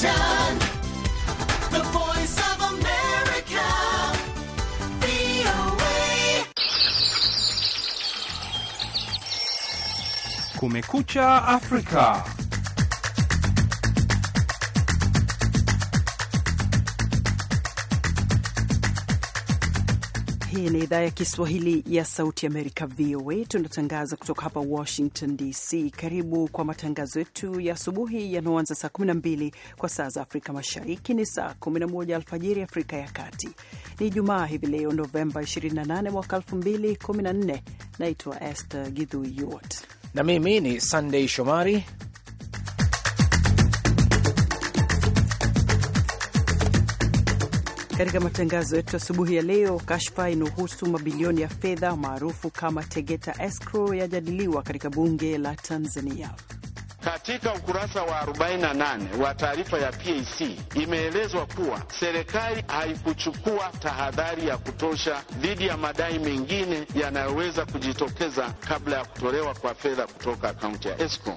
Washington, the voice of America, VOA. Kumekucha Afrika. Hii ni idhaa ya Kiswahili ya Sauti Amerika, VOA. Tunatangaza kutoka hapa Washington DC. Karibu kwa matangazo yetu ya asubuhi yanayoanza saa 12 kwa saa za Afrika Mashariki, ni saa 11 alfajiri Afrika ya Kati. Ni jumaa hivi leo, Novemba 28 mwaka 2014. Naitwa Esther Githu Yuot na mimi ni Sandei Shomari Katika matangazo yetu asubuhi ya leo, kashfa inahusu mabilioni ya fedha maarufu kama Tegeta escrow yajadiliwa katika bunge la Tanzania. Katika ukurasa wa 48 wa taarifa ya PAC imeelezwa kuwa serikali haikuchukua tahadhari ya kutosha dhidi ya madai mengine yanayoweza kujitokeza kabla ya kutolewa kwa fedha kutoka akaunti ya escrow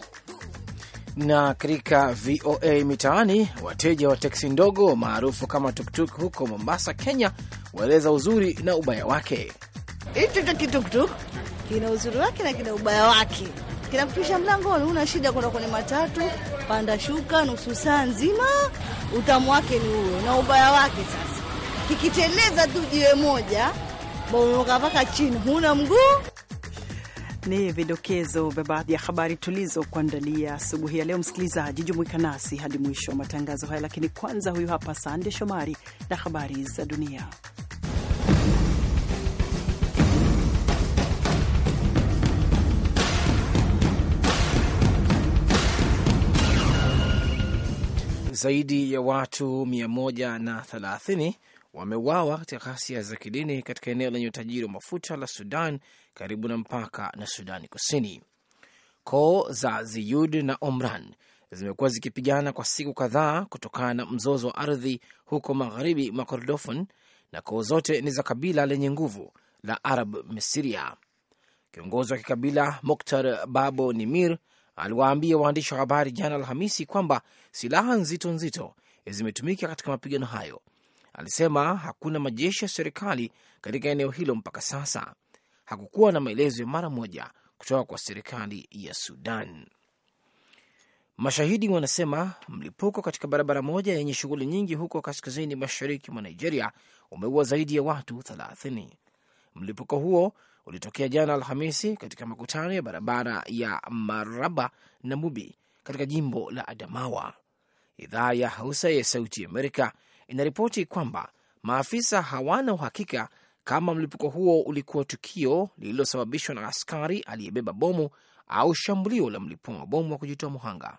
na katika VOA Mitaani, wateja wa teksi ndogo maarufu kama tuktuk huko Mombasa, Kenya, waeleza uzuri na ubaya wake. cha kituktuk kina uzuri wake na kina ubaya wake. Kinakupisha mlangoni, una shida kwenda kwenye matatu, panda shuka, nusu saa nzima. Utamu wake ni huo, na ubaya wake sasa, kikiteleza tu jiwe moja, baonoka mpaka chini, huna mguu ni vidokezo vya baadhi ya habari tulizokuandalia asubuhi ya leo. Msikilizaji, jumuika nasi hadi mwisho wa matangazo haya, lakini kwanza, huyu hapa Sande Shomari na habari za dunia. Zaidi ya watu 130 wameuawa katika ghasia za kidini katika eneo lenye utajiri wa mafuta la Sudan karibu na mpaka na Sudani Kusini. Koo za Ziyud na Omran zimekuwa zikipigana kwa siku kadhaa kutokana na mzozo wa ardhi huko magharibi mwa Kordofan, na koo zote ni za kabila lenye nguvu la Arab Misiria. Kiongozi wa kikabila Moktar Babo Nimir aliwaambia waandishi wa habari jana Alhamisi kwamba silaha nzito nzito zimetumika katika mapigano hayo alisema hakuna majeshi ya serikali katika eneo hilo mpaka sasa. Hakukuwa na maelezo ya mara moja kutoka kwa serikali ya Sudan. Mashahidi wanasema mlipuko katika barabara moja yenye shughuli nyingi huko kaskazini mashariki mwa Nigeria umeua zaidi ya watu 30. Mlipuko huo ulitokea jana Alhamisi katika makutano ya barabara ya Maraba na Mubi katika jimbo la Adamawa. Idhaa ya Hausa ya Sauti Amerika inaripoti kwamba maafisa hawana uhakika kama mlipuko huo ulikuwa tukio lililosababishwa na askari aliyebeba bomu au shambulio la mlipua bomu wa kujitoa muhanga.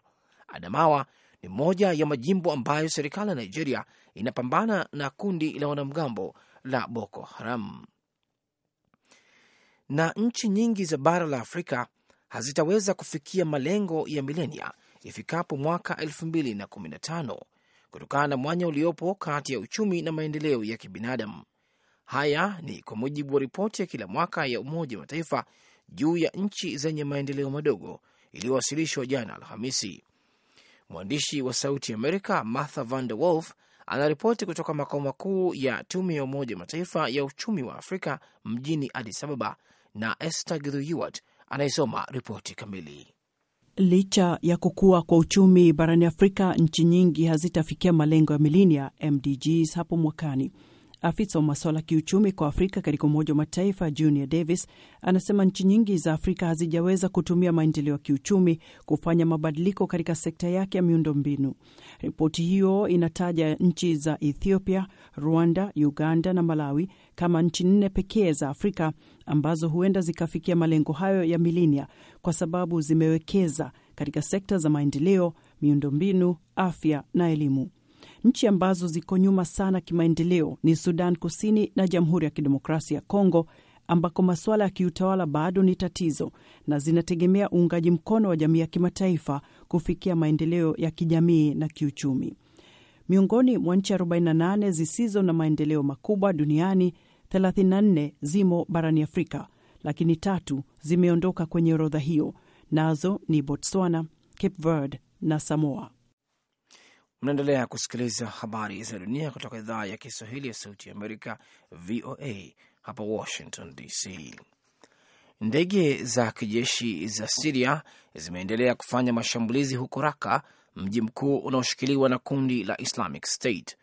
Adamawa ni moja ya majimbo ambayo serikali ya Nigeria inapambana na kundi la wanamgambo la Boko Haram. Na nchi nyingi za bara la Afrika hazitaweza kufikia malengo ya milenia ifikapo mwaka 2015 kutokana na mwanya uliopo kati ya uchumi na maendeleo ya kibinadamu. Haya ni kwa mujibu wa ripoti ya kila mwaka ya Umoja wa Mataifa juu ya nchi zenye maendeleo madogo iliyowasilishwa jana Alhamisi. Mwandishi wa Sauti Amerika Martha Van der Wolf anaripoti kutoka makao makuu ya Tume ya Umoja Mataifa ya Uchumi wa Afrika mjini Addis Ababa, na Esther Githuwat anayesoma ripoti kamili. Licha ya kukua kwa uchumi barani Afrika, nchi nyingi hazitafikia malengo ya milenia MDGs hapo mwakani. Afisa wa masuala ya kiuchumi kwa Afrika katika Umoja wa Mataifa Junior Davis anasema nchi nyingi za Afrika hazijaweza kutumia maendeleo ya kiuchumi kufanya mabadiliko katika sekta yake ya miundo mbinu Ripoti hiyo inataja nchi za Ethiopia, Rwanda, Uganda na Malawi kama nchi nne pekee za Afrika ambazo huenda zikafikia malengo hayo ya milenia kwa sababu zimewekeza katika sekta za maendeleo, miundo mbinu afya na elimu. Nchi ambazo ziko nyuma sana kimaendeleo ni Sudan Kusini na Jamhuri ya Kidemokrasia ya Kongo, ambako masuala ya kiutawala bado ni tatizo na zinategemea uungaji mkono wa jamii ya kimataifa kufikia maendeleo ya kijamii na kiuchumi. Miongoni mwa nchi 48 zisizo na maendeleo makubwa duniani, 34 zimo barani Afrika, lakini tatu zimeondoka kwenye orodha hiyo, nazo ni Botswana, Cape Verde na Samoa. Mnaendelea kusikiliza habari za dunia kutoka idhaa ya Kiswahili ya Sauti ya Amerika, VOA hapa Washington DC. Ndege za kijeshi za Siria zimeendelea kufanya mashambulizi huko Raka, mji mkuu unaoshikiliwa na kundi la Islamic State.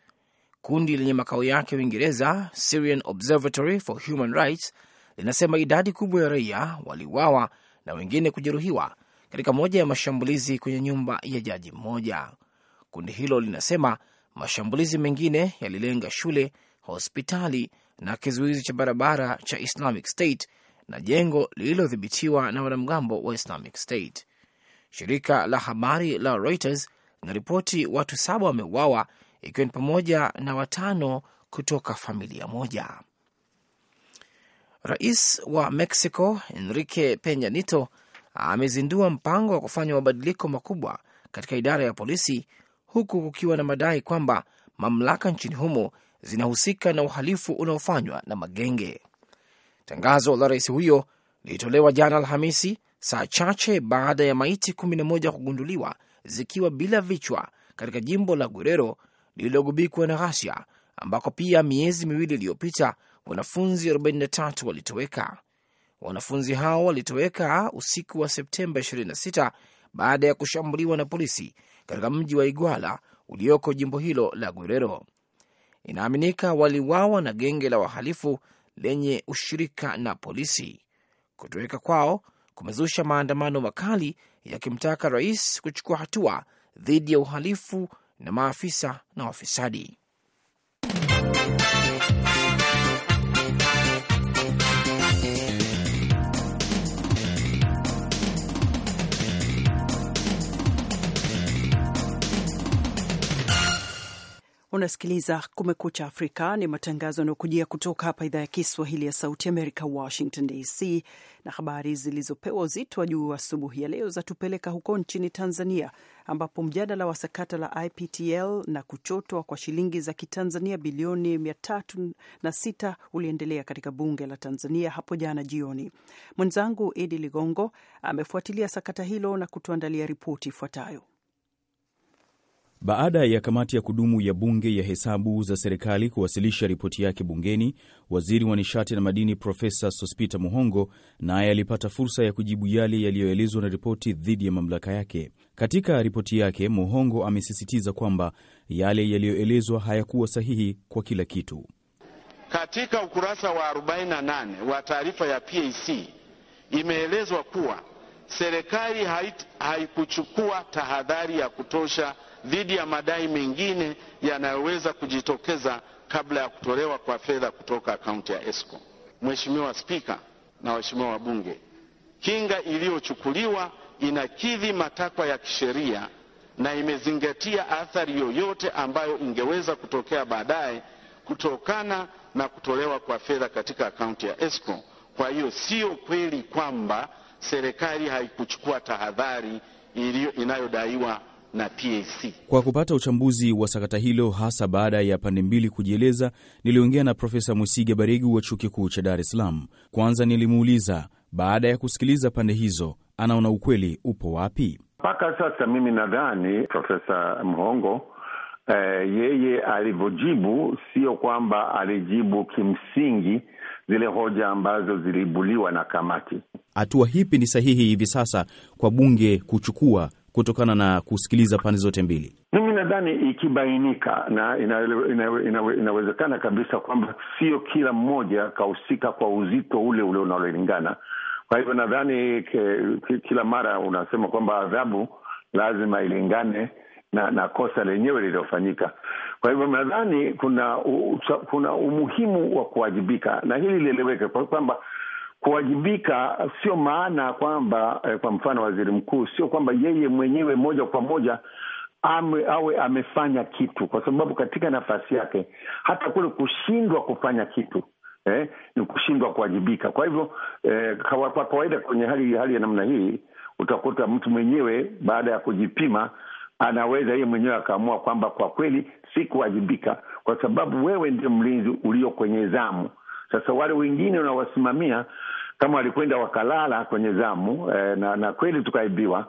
Kundi lenye makao yake Uingereza, Syrian Observatory for Human Rights, linasema idadi kubwa ya raia waliuawa na wengine kujeruhiwa katika moja ya mashambulizi kwenye nyumba ya jaji mmoja. Kundi hilo linasema mashambulizi mengine yalilenga shule, hospitali na kizuizi cha barabara cha Islamic State na jengo lililodhibitiwa na wanamgambo wa Islamic State. Shirika la habari la Reuters linaripoti watu saba wameuawa ikiwa ni pamoja na watano kutoka familia moja. Rais wa Mexico Enrique penyanito Nieto amezindua mpango wa kufanya mabadiliko makubwa katika idara ya polisi huku kukiwa na madai kwamba mamlaka nchini humo zinahusika na uhalifu unaofanywa na magenge. Tangazo la rais huyo lilitolewa jana Alhamisi, saa chache baada ya maiti 11 kugunduliwa zikiwa bila vichwa katika jimbo la Guerrero lililogubikwa na ghasia, ambako pia miezi miwili iliyopita wanafunzi 43 walitoweka. Wanafunzi hao walitoweka usiku wa Septemba 26 baada ya kushambuliwa na polisi katika mji wa Iguala ulioko jimbo hilo la Guerrero. Inaaminika waliwawa na genge la wahalifu lenye ushirika na polisi. Kutoweka kwao kumezusha maandamano makali yakimtaka rais kuchukua hatua dhidi ya uhalifu na maafisa na wafisadi. Unasikiliza Kumekucha Afrika, ni matangazo yanayokujia kutoka hapa idhaa ya Kiswahili ya Sauti Amerika, Washington DC. Na habari zilizopewa uzito wa juu asubuhi ya leo zatupeleka huko nchini Tanzania, ambapo mjadala wa sakata la IPTL na kuchotwa kwa shilingi za Kitanzania bilioni 306 uliendelea katika bunge la Tanzania hapo jana jioni. Mwenzangu Idi Ligongo amefuatilia sakata hilo na kutuandalia ripoti ifuatayo. Baada ya kamati ya kudumu ya bunge ya hesabu za serikali kuwasilisha ripoti yake bungeni, waziri wa nishati na madini Profesa sospita Muhongo naye alipata fursa ya kujibu yale yaliyoelezwa na ripoti dhidi ya mamlaka yake. Katika ripoti yake, Muhongo amesisitiza kwamba yale yaliyoelezwa hayakuwa sahihi kwa kila kitu. Katika ukurasa wa 48 wa taarifa ya PAC imeelezwa kuwa serikali haikuchukua tahadhari ya kutosha dhidi ya madai mengine yanayoweza kujitokeza kabla ya kutolewa kwa fedha kutoka akaunti ya esco Mheshimiwa Spika na waheshimiwa wabunge, kinga iliyochukuliwa inakidhi matakwa ya kisheria na imezingatia athari yoyote ambayo ingeweza kutokea baadaye kutokana na kutolewa kwa fedha katika akaunti ya esco Kwa hiyo sio kweli kwamba serikali haikuchukua tahadhari inayodaiwa na PAC. Kwa kupata uchambuzi wa sakata hilo hasa baada ya pande mbili kujieleza, niliongea na Profesa Mwesiga Baregu wa Chuo Kikuu cha Dar es Salaam. Kwanza nilimuuliza baada ya kusikiliza pande hizo, anaona ukweli upo wapi? Mpaka sasa mimi nadhani Profesa Mhongo eh, yeye alivyojibu sio kwamba alijibu kimsingi zile hoja ambazo ziliibuliwa na kamati. Hatua hipi ni sahihi hivi sasa kwa bunge kuchukua kutokana na kusikiliza pande zote mbili? Mimi nadhani ikibainika na inawezekana ina, ina, ina kabisa kwamba sio kila mmoja kahusika kwa uzito ule ule unalolingana. Kwa hivyo nadhani kila mara unasema kwamba adhabu lazima ilingane na na kosa lenyewe lililofanyika. Kwa hivyo nadhani kuna u, kuna umuhimu wa kuwajibika, na hili lieleweke kwa kwamba kuwajibika sio maana kwamba eh, kwa mfano waziri mkuu sio kwamba yeye mwenyewe moja kwa moja ame, awe amefanya kitu, kwa sababu katika nafasi yake hata kule kushindwa kufanya kitu eh, ni kushindwa kuwajibika. Kwa hivyo eh, kwa kawaida kwenye hali hali ya namna hii utakuta mtu mwenyewe baada ya kujipima anaweza yeye mwenyewe akaamua kwamba kwa kweli si kuwajibika kwa sababu wewe ndio mlinzi ulio kwenye zamu. Sasa wale wengine unawasimamia kama walikwenda wakalala kwenye zamu eh, na, na kweli tukaibiwa.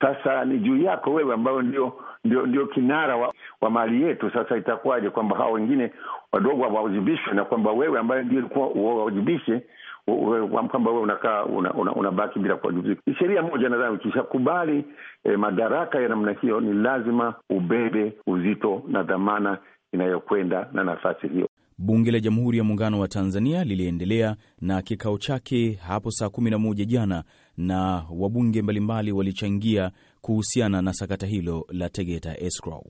Sasa ni juu yako wewe ambayo ndio, ndio, ndio kinara wa, wa mali yetu. Sasa itakuwaje kwamba hawa wengine wadogo wawajibishwe na kwamba wewe ambayo ndio ulikuwa wawajibishe kwamba wewe unakaa unabaki una, una bila kuwajibika. Sheria moja nadhani ukishakubali eh, madaraka ya namna hiyo, ni lazima ubebe uzito na dhamana inayokwenda na nafasi hiyo. Bunge la Jamhuri ya Muungano wa Tanzania liliendelea na kikao chake hapo saa kumi na moja jana na wabunge mbalimbali walichangia kuhusiana na sakata hilo la Tegeta Escrow.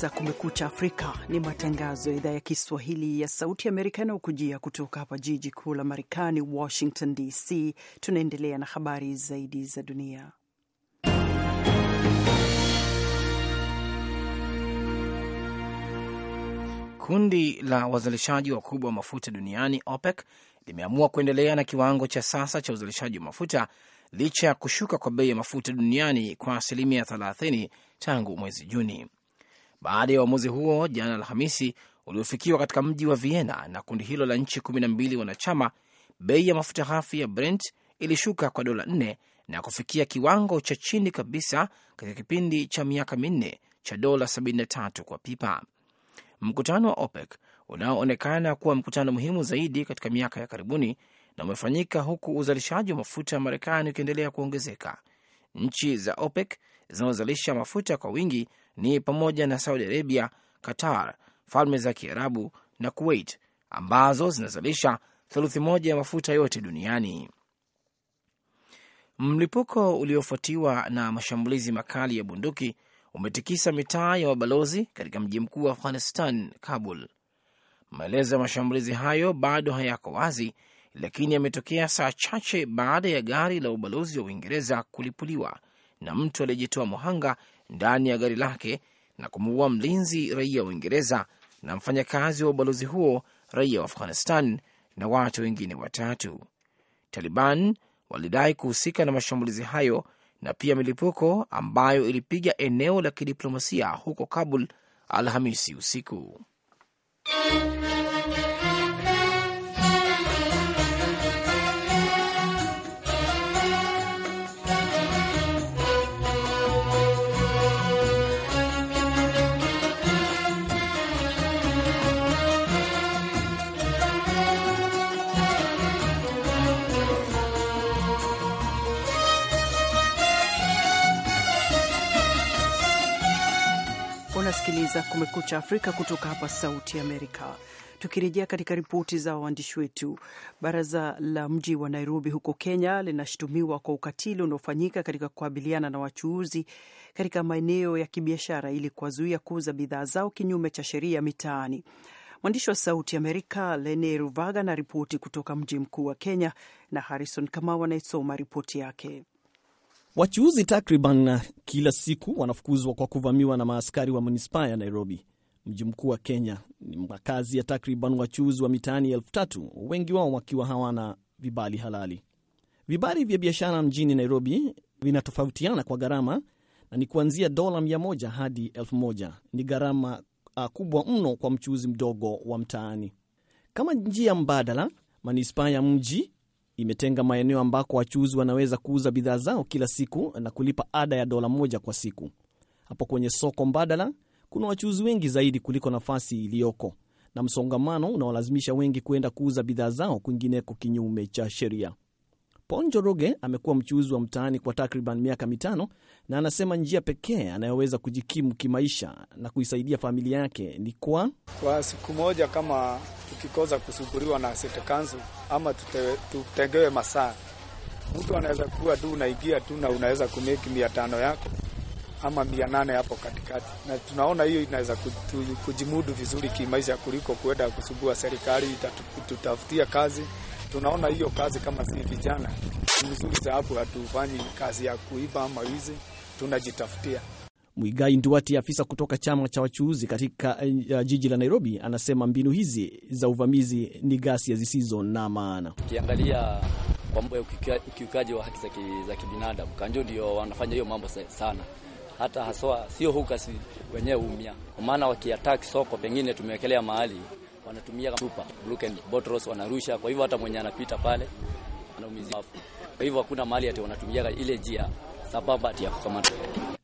kusikiliza Kumekucha Afrika. Ni matangazo ya idhaa ya Kiswahili ya Sauti ya Amerika yanayokujia kutoka hapa jiji kuu la Marekani, Washington DC. Tunaendelea na habari zaidi za dunia. Kundi la wazalishaji wakubwa wa mafuta duniani OPEC limeamua kuendelea na kiwango cha sasa cha uzalishaji wa mafuta licha ya kushuka kwa bei ya mafuta duniani kwa asilimia 30 tangu mwezi Juni baada ya uamuzi huo jana Alhamisi uliofikiwa katika mji wa Vienna na kundi hilo la nchi kumi na mbili wanachama, bei ya mafuta ghafi ya Brent ilishuka kwa dola nne na kufikia kiwango cha chini kabisa katika kipindi cha miaka minne cha dola 73 kwa pipa. Mkutano wa OPEC unaoonekana kuwa mkutano muhimu zaidi katika miaka ya karibuni na umefanyika huku uzalishaji wa mafuta ya Marekani ukiendelea kuongezeka. Nchi za OPEC zinazozalisha mafuta kwa wingi ni pamoja na Saudi Arabia, Qatar, Falme za Kiarabu na Kuwait ambazo zinazalisha theluthi moja ya mafuta yote duniani. Mlipuko uliofuatiwa na mashambulizi makali ya bunduki umetikisa mitaa ya mabalozi katika mji mkuu wa Afghanistan, Kabul. Maelezo ya mashambulizi hayo bado hayako wazi, lakini yametokea saa chache baada ya gari la ubalozi wa Uingereza kulipuliwa na mtu aliyejitoa muhanga ndani ya gari lake na kumuua mlinzi raia wa Uingereza na mfanyakazi wa ubalozi huo raia wa Afghanistan na watu wengine watatu. Taliban walidai kuhusika na mashambulizi hayo na pia milipuko ambayo ilipiga eneo la kidiplomasia huko Kabul Alhamisi usiku. kusikiliza Kumekucha Afrika kutoka hapa Sauti Amerika. Tukirejea katika ripoti za waandishi wetu, baraza la mji wa Nairobi huko Kenya linashutumiwa kwa ukatili unaofanyika katika kukabiliana na wachuuzi katika maeneo ya kibiashara ili kuwazuia kuuza bidhaa zao kinyume cha sheria mitaani. Mwandishi wa Sauti Amerika Lene Ruvaga na ripoti kutoka mji mkuu wa Kenya na Harrison Kamau anayesoma ripoti yake. Wachuuzi takriban uh, kila siku wanafukuzwa kwa kuvamiwa na maaskari wa manispaa ya Nairobi, mji mkuu wa Kenya. Ni makazi ya takriban wachuuzi wa mitaani elfu tatu, wengi wao wakiwa hawana vibali halali. Vibali vya biashara mjini Nairobi vinatofautiana kwa gharama na ni kuanzia dola mia moja hadi elfu moja. Ni gharama uh, kubwa mno kwa mchuuzi mdogo wa mtaani. Kama njia mbadala, manispaa ya mji imetenga maeneo ambako wachuuzi wanaweza kuuza bidhaa zao kila siku na kulipa ada ya dola moja kwa siku. Hapo kwenye soko mbadala kuna wachuuzi wengi zaidi kuliko nafasi iliyoko na msongamano unaolazimisha wengi kuenda kuuza bidhaa zao kwingineko kinyume cha sheria roge amekuwa mchuuzi wa mtaani kwa takriban miaka mitano na anasema njia pekee anayoweza kujikimu kimaisha na kuisaidia familia yake ni kwa kwa siku moja, kama tukikosa kusuguriwa na sete kanzu ama tutengewe masaa, mtu anaweza kuwa tu unaingia tu na unaweza kumeki mia tano yako ama mia nane hapo katikati, na tunaona hiyo inaweza kujimudu vizuri kimaisha kuliko kuenda kusugua serikali tutatafutia kazi tunaona hiyo kazi kama si vijana mzuri sababu hatufanyi kazi ya kuiba ama wizi, tunajitafutia. Mwigai Nduati, afisa kutoka chama cha wachuuzi katika uh, jiji la Nairobi, anasema mbinu hizi za uvamizi ni ghasia zisizo na maana. Ukiangalia kwa mambo ya ukiukaji wa haki za kibinadamu, Kanjo ndio wanafanya hiyo mambo sana, hata haswa sio hukasi wenyewe umia, kwa maana wakiataki soko, pengine tumewekelea mahali wanatumia chupa broken bottles wanarusha, kwa hivyo hata mwenye anapita pale anaumizwa. Kwa hivyo hakuna mali ati wanatumia ile njia sababu ati ya kukamata.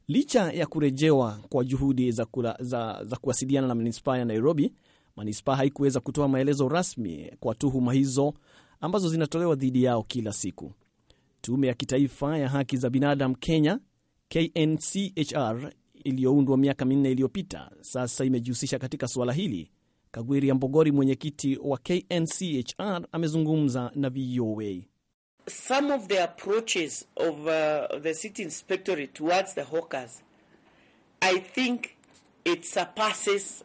Licha ya kurejewa kwa juhudi za, kula, za, za kuwasiliana na manispaa ya Nairobi, manispaa haikuweza kutoa maelezo rasmi kwa tuhuma hizo ambazo zinatolewa dhidi yao kila siku. Tume ya Kitaifa ya Haki za Binadamu Kenya KNCHR iliyoundwa miaka minne iliyopita sasa imejihusisha katika suala hili Kagwiri Ambogori, mwenyekiti wa KNCHR, amezungumza na VOA. Some of the approaches of uh, the city inspectorate towards the hawkers I think it surpasses,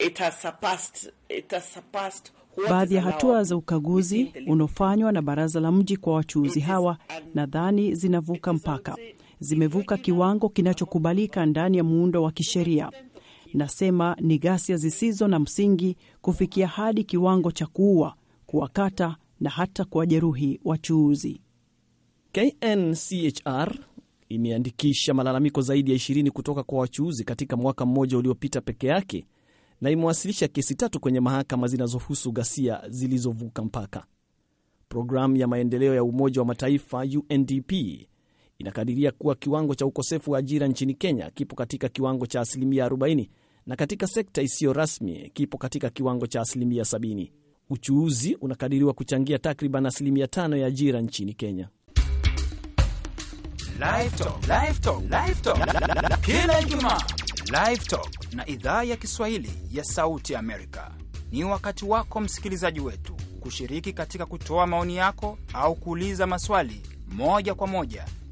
it has surpassed, it has surpassed baadhi ya hatua za ukaguzi unaofanywa na baraza la mji kwa wachuuzi hawa, nadhani zinavuka mpaka, zimevuka kiwango kinachokubalika ndani ya muundo wa kisheria. Nasema ni ghasia zisizo na msingi kufikia hadi kiwango cha kuua, kuwakata na hata kuwajeruhi wachuuzi. KNCHR imeandikisha malalamiko zaidi ya 20 kutoka kwa wachuuzi katika mwaka mmoja uliopita peke yake na imewasilisha kesi tatu kwenye mahakama zinazohusu ghasia zilizovuka mpaka. Programu ya maendeleo ya Umoja wa Mataifa UNDP inakadiria kuwa kiwango cha ukosefu wa ajira nchini Kenya kipo katika kiwango cha asilimia 40 na katika sekta isiyo rasmi kipo katika kiwango cha asilimia 70. Uchuuzi unakadiriwa kuchangia takriban asilimia 5 ya ajira nchini Kenya. Kila Ijumaa na idhaa ya Kiswahili ya Sauti Amerika ni wakati wako msikilizaji wetu kushiriki katika kutoa maoni yako au kuuliza maswali moja kwa moja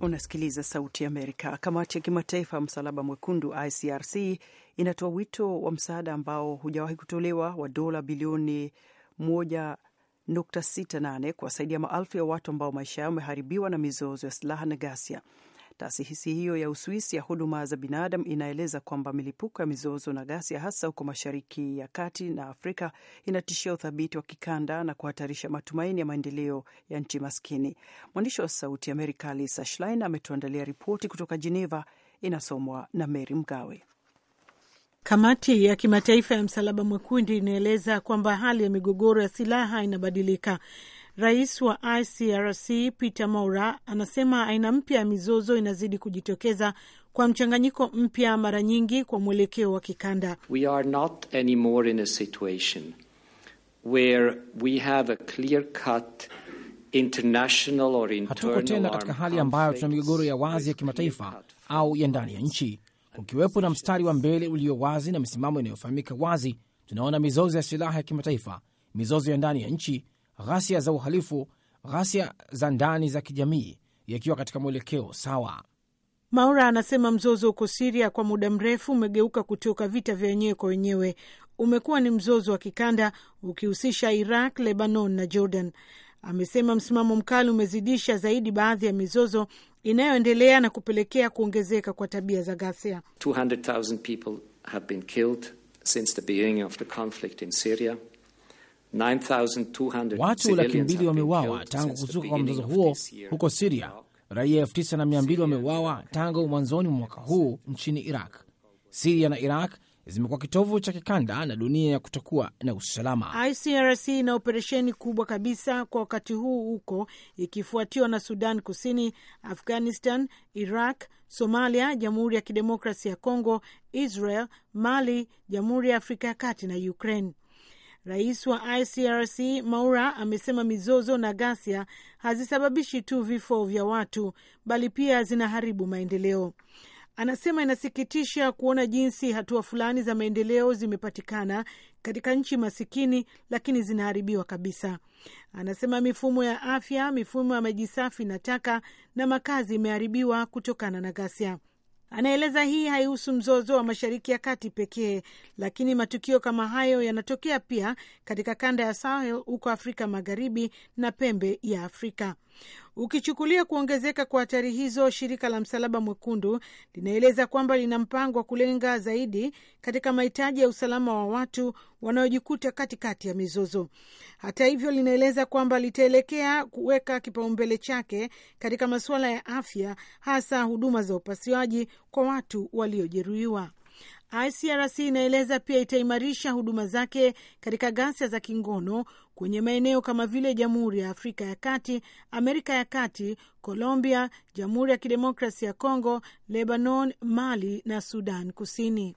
Unasikiliza Sauti Amerika. Kamati ya Kimataifa ya Msalaba Mwekundu ICRC inatoa wito wa msaada ambao hujawahi kutolewa wa dola bilioni 1.68 kuwasaidia maelfu ya watu ambao maisha yao yameharibiwa na mizozo ya silaha na ghasia. Taasisi hiyo ya Uswisi ya huduma za binadamu inaeleza kwamba milipuko ya mizozo na ghasia hasa huko Mashariki ya Kati na Afrika inatishia uthabiti wa kikanda na kuhatarisha matumaini ya maendeleo ya nchi maskini. Mwandishi wa Sauti ya Amerika Lisa Schlein ametuandalia ripoti kutoka Geneva, inasomwa na Mary Mgawe. Kamati ya kimataifa ya Msalaba Mwekundu inaeleza kwamba hali ya migogoro ya silaha inabadilika Rais wa ICRC Peter Moura anasema aina mpya ya mizozo inazidi kujitokeza kwa mchanganyiko mpya, mara nyingi kwa mwelekeo wa kikanda. We are not anymore in a situation where we have a clear cut international or internal. Hatuko tena katika hali ambayo tuna migogoro ya wazi ya kimataifa au ya ndani ya nchi. Kukiwepo na mstari wa mbele ulio wazi na misimamo inayofahamika wazi, tunaona mizozo ya silaha ya kimataifa, mizozo ya ndani ya nchi ghasia za uhalifu, ghasia za ndani za kijamii, yakiwa katika mwelekeo sawa. Maura anasema mzozo huko Siria kwa muda mrefu umegeuka kutoka vita vya wenyewe kwa wenyewe, umekuwa ni mzozo wa kikanda ukihusisha Iraq, Lebanon na Jordan. Amesema msimamo mkali umezidisha zaidi baadhi ya mizozo inayoendelea na kupelekea kuongezeka kwa tabia za ghasia. Watu laki mbili wameuawa tangu kuzuka kwa mzozo huo huko Siria. Raia elfu tisa na mia mbili wameuawa tangu mwanzoni mwa mwaka huu nchini Iraq. Siria na Iraq zimekuwa kitovu cha kikanda na dunia ya kutokuwa na usalama. ICRC ina operesheni kubwa kabisa kwa wakati huu huko, ikifuatiwa na Sudan Kusini, Afghanistan, Iraq, Somalia, Jamhuri ya Kidemokrasi ya Kongo, Israel, Mali, Jamhuri ya Afrika ya Kati na Ukraine. Rais wa ICRC Maura amesema mizozo na ghasia hazisababishi tu vifo vya watu, bali pia zinaharibu maendeleo. Anasema inasikitisha kuona jinsi hatua fulani za maendeleo zimepatikana katika nchi masikini, lakini zinaharibiwa kabisa. Anasema mifumo ya afya, mifumo ya maji safi na taka na makazi imeharibiwa kutokana na ghasia. Anaeleza hii haihusu mzozo wa Mashariki ya Kati pekee, lakini matukio kama hayo yanatokea pia katika kanda ya Sahel huko Afrika Magharibi na pembe ya Afrika. Ukichukulia kuongezeka kwa hatari hizo, shirika la Msalaba Mwekundu linaeleza kwamba lina mpango wa kulenga zaidi katika mahitaji ya usalama wa watu wanaojikuta katikati ya mizozo. Hata hivyo, linaeleza kwamba litaelekea kuweka kipaumbele chake katika masuala ya afya, hasa huduma za upasuaji kwa watu waliojeruhiwa. ICRC inaeleza pia itaimarisha huduma zake katika ghasia za kingono kwenye maeneo kama vile Jamhuri ya Afrika ya Kati, Amerika ya Kati, Colombia, Jamhuri ya Kidemokrasi ya congo Lebanon, Mali na Sudan Kusini.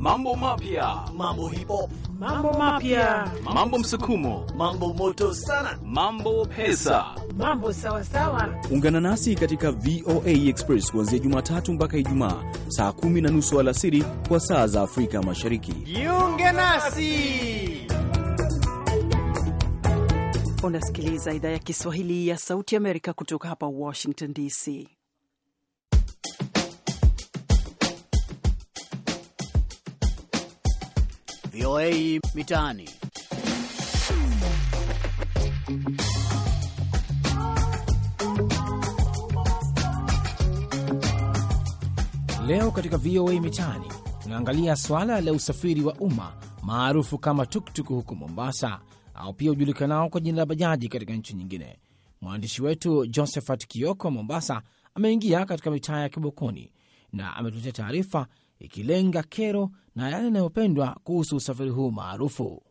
Mambo mapya, mambo hipo mambo mapya, mambo msukumo, mambo moto sana, mambo pesa, mambo sawa sawa. Ungana nasi katika VOA Express kuanzia Jumatatu mpaka Ijumaa saa kumi na nusu alasiri kwa saa za Afrika Mashariki. Jiunge nasi. Unasikiliza idhaa ya Kiswahili ya Sauti Amerika kutoka hapa Washington DC. VOA Mitaani. Leo katika VOA Mitaani tunaangalia swala la usafiri wa umma maarufu kama tuktuk huko Mombasa, au pia hujulikanao kwa jina la bajaji katika nchi nyingine. Mwandishi wetu Josephat Kioko Mombasa ameingia katika mitaa ya Kibokoni na ametuletea taarifa ikilenga kero na yale yanayopendwa kuhusu usafiri huu maarufu.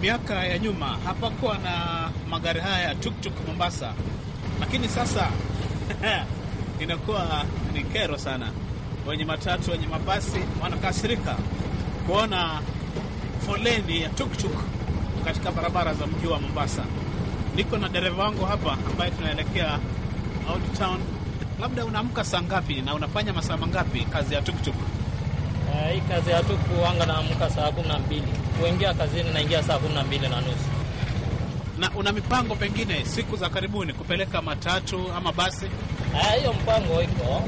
Miaka ya nyuma hapakuwa na magari haya ya tuktuk Mombasa, lakini sasa inakuwa ni kero sana. Wenye matatu, wenye mabasi wanakasirika kuona foleni ya tuktuk katika barabara za mji wa Mombasa. Niko na dereva wangu hapa ambaye tunaelekea Town Labda unaamka saa ngapi na unafanya masaa mangapi kazi ya tuktuk? Uh, hii kazi ya tuktuk wanga naamka saa kumi na mbili kuingia kazini, naingia saa kumi na mbili na nusu. Na una mipango pengine siku za karibuni kupeleka matatu ama basi? Eh, hiyo mpango iko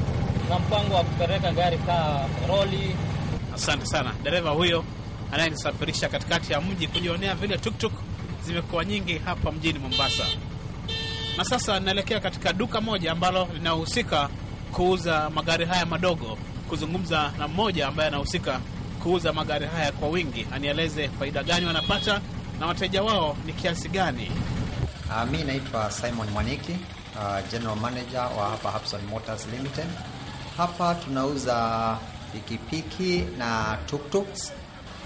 na mpango wa kupeleka gari kaa roli. Asante sana dereva huyo anayenisafirisha katikati ya mji kujionea vile tuktuk zimekuwa nyingi hapa mjini Mombasa na sasa naelekea katika duka moja ambalo linahusika kuuza magari haya madogo, kuzungumza na mmoja ambaye anahusika kuuza magari haya kwa wingi, anieleze faida gani wanapata na wateja wao ni kiasi gani. Uh, mi naitwa Simon Mwaniki, uh, general manager wa hapa Hapson Motors Limited. Hapa tunauza pikipiki na tuktuks.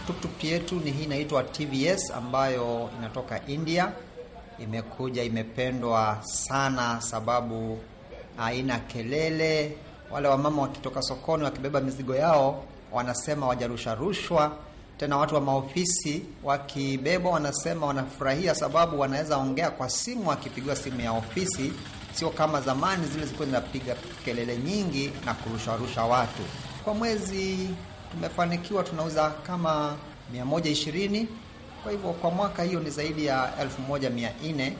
Tuktuk yetu ni hii inaitwa TVS ambayo inatoka India imekuja imependwa sana, sababu haina kelele. Wale wamama wakitoka sokoni wakibeba mizigo yao wanasema wajarusha rushwa tena watu wa maofisi wakibebwa wanasema wanafurahia, sababu wanaweza ongea kwa simu, wakipigiwa simu ya ofisi, sio kama zamani zile zilikuwa zinapiga kelele nyingi na kurusharusha watu. Kwa mwezi tumefanikiwa tunauza kama 120 kwa hivyo kwa mwaka hiyo ni zaidi ya 1400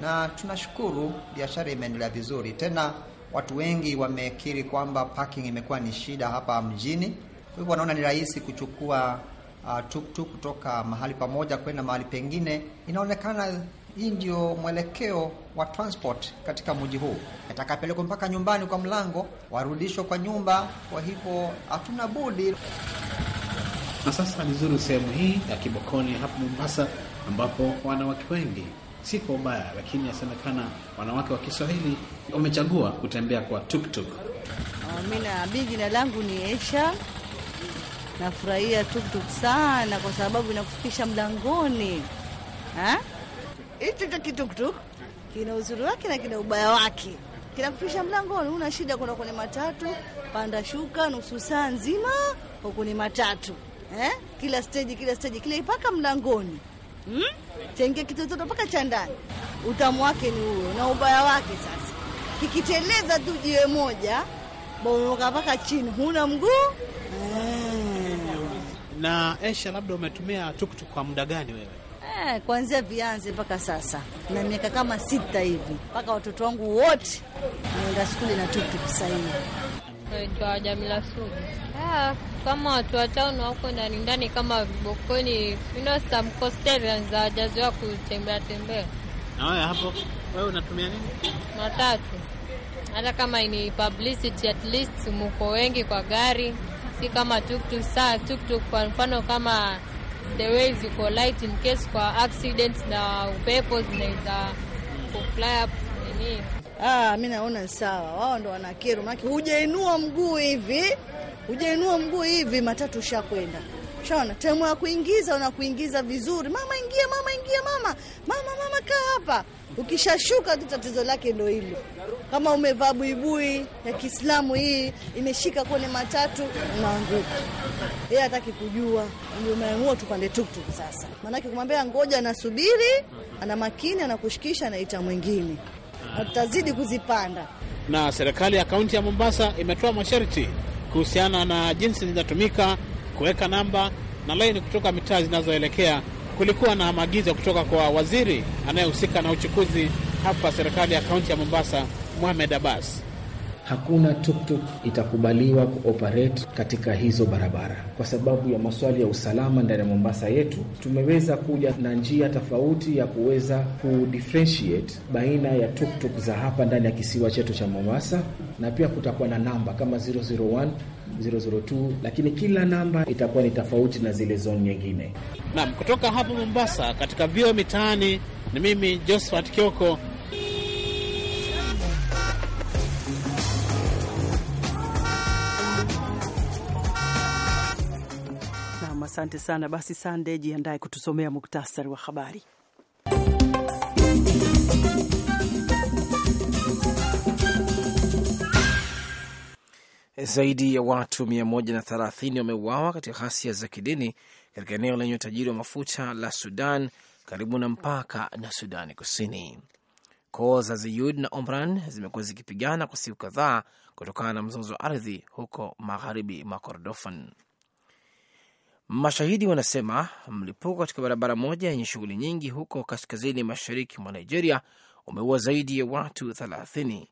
na tunashukuru biashara imeendelea vizuri. Tena watu wengi wamekiri kwamba parking imekuwa ni shida hapa mjini, kwa hivyo wanaona ni rahisi kuchukua uh, tuktuk kutoka mahali pamoja kwenda mahali pengine. Inaonekana hii ndio mwelekeo wa transport katika mji huu, atakapelekwa mpaka nyumbani kwa mlango, warudishwa kwa nyumba. Kwa hivyo hatuna budi na sasa alizuru sehemu hii ya Kibokoni hapa Mombasa, ambapo wanawake wengi si kwa ubaya, lakini yasemekana wanawake wa Kiswahili wamechagua kutembea kwa tuktuk. Mimi ah, na jina langu ni esha Nafurahia tuktuk sana kwa sababu inakufikisha mlangoni. cha kituktuk kina uzuri wake na kina ubaya wake. Kinakufikisha mlangoni, una shida kwenda kwenye matatu, panda shuka, nusu saa nzima kwa kwenye matatu eh? Kila steji kila steji kile mpaka mlangoni hmm? Chaingia kitototo mpaka cha ndani. Utamu wake ni huyo na ubaya wake sasa, kikiteleza tu jiwe moja bomoka mpaka chini, huna mguu eh. Na Esha, labda umetumia tuktuk kwa muda gani wewe? Eh, kuanzia vianze mpaka sasa na miaka kama sita hivi, mpaka watoto wangu wote wanaenda skuli na tuktuk sasa hivi. Jamila Sugu. Ah kama watu wa town wako ndani ndani, kama vibokoni, you kutembea tembea. Na wewe hapo, wewe unatumia nini? Matatu, hata kama ni publicity, at least muko wengi kwa gari, si kama tuktuk. Saa tuktuk kwa mfano kama the way ziko light, in case kwa accident na upepo zinaweza kufly up nini. Ah, mimi naona sawa, wao ndo wanakeru, maana hujainua mguu hivi Ujainua mguu hivi, matatu ushakwenda. Shaona temu ya kuingiza, na kuingiza vizuri, mama ingia, mama ingia, mama mama, mama kaa hapa. Ukishashuka tu tatizo lake ndo hilo. Kama umevaa buibui ya Kiislamu hii imeshika kwenye matatu, unaanguka. Yeye hataki kujua, ndio umeamua tupande tuktuk sasa. Maanake kumwambia ngoja, anasubiri, ana makini, anakushikisha, anaita mwingine, na tutazidi kuzipanda. Na serikali ya kaunti ya Mombasa imetoa masharti kuhusiana na jinsi zinatumika kuweka namba na laini kutoka mitaa zinazoelekea. Kulikuwa na maagizo kutoka kwa waziri anayehusika na uchukuzi hapa serikali ya kaunti ya Mombasa, Mohamed Abbas. Hakuna tuktuk itakubaliwa kuoperate katika hizo barabara kwa sababu ya maswali ya usalama ndani ya Mombasa yetu. Tumeweza kuja na njia tofauti ya kuweza kudifferentiate baina ya tuktuk za hapa ndani ya kisiwa chetu cha Mombasa na pia kutakuwa na namba kama 001, 002, lakini kila namba itakuwa ni tofauti na zile zone nyingine. Naam, kutoka hapa Mombasa katika vio mitaani ni mimi Josephat Kioko. Asante sana. Basi Sande, jiandaye kutusomea muktasari wa habari. Zaidi ya watu 130 wameuawa katika ghasia za kidini katika eneo lenye utajiri wa mafuta la Sudan karibu na mpaka na Sudani Kusini. Koo za Ziyud na Omran zimekuwa zikipigana kwa siku kadhaa kutokana na mzozo wa ardhi huko magharibi mwa Kordofan. Mashahidi wanasema mlipuko katika barabara moja yenye shughuli nyingi huko kaskazini mashariki mwa Nigeria umeua zaidi ya watu 30.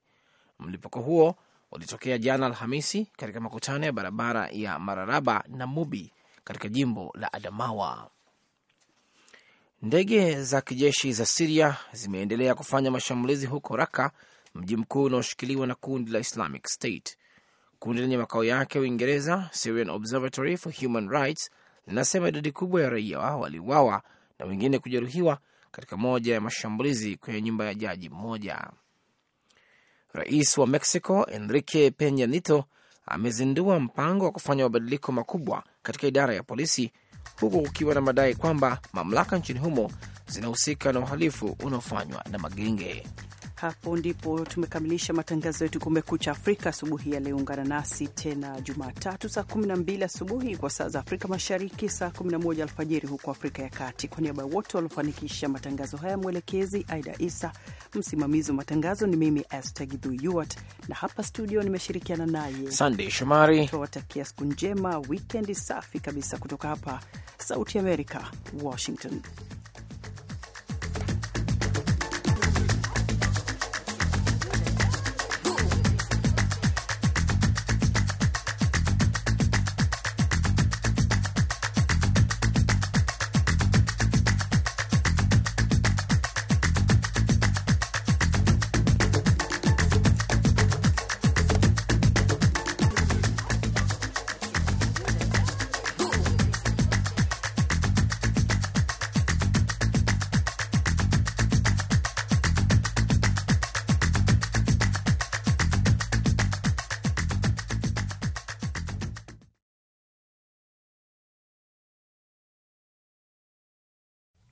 Mlipuko huo ulitokea jana Alhamisi katika makutano ya barabara ya Mararaba na Mubi katika jimbo la Adamawa. Ndege za kijeshi za Siria zimeendelea kufanya mashambulizi huko Raka, mji mkuu unaoshikiliwa na kundi la Islamic State. Kundi lenye makao yake Uingereza, Syrian Observatory for Human Rights, linasema idadi kubwa ya raia wao waliuawa na wengine kujeruhiwa katika moja ya mashambulizi kwenye nyumba ya jaji mmoja. Rais wa Mexico Enrique Penya Nieto amezindua mpango wa kufanya mabadiliko makubwa katika idara ya polisi, huku kukiwa na madai kwamba mamlaka nchini humo zinahusika na uhalifu unaofanywa na magenge hapo ndipo tumekamilisha matangazo yetu Kumekucha Afrika asubuhi ya leo. Ungana nasi tena Jumatatu saa 12 asubuhi kwa saa za Afrika Mashariki, saa 11 alfajiri huko Afrika ya Kati. Kwa niaba ya wote waliofanikisha matangazo haya, mwelekezi Aida Isa, msimamizi wa matangazo ni mimi Gidhu Yuat, na hapa studio nimeshirikiana naye Sandey Shomari. Tunawatakia siku njema, wikendi safi kabisa, kutoka hapa Sauti Amerika, Washington.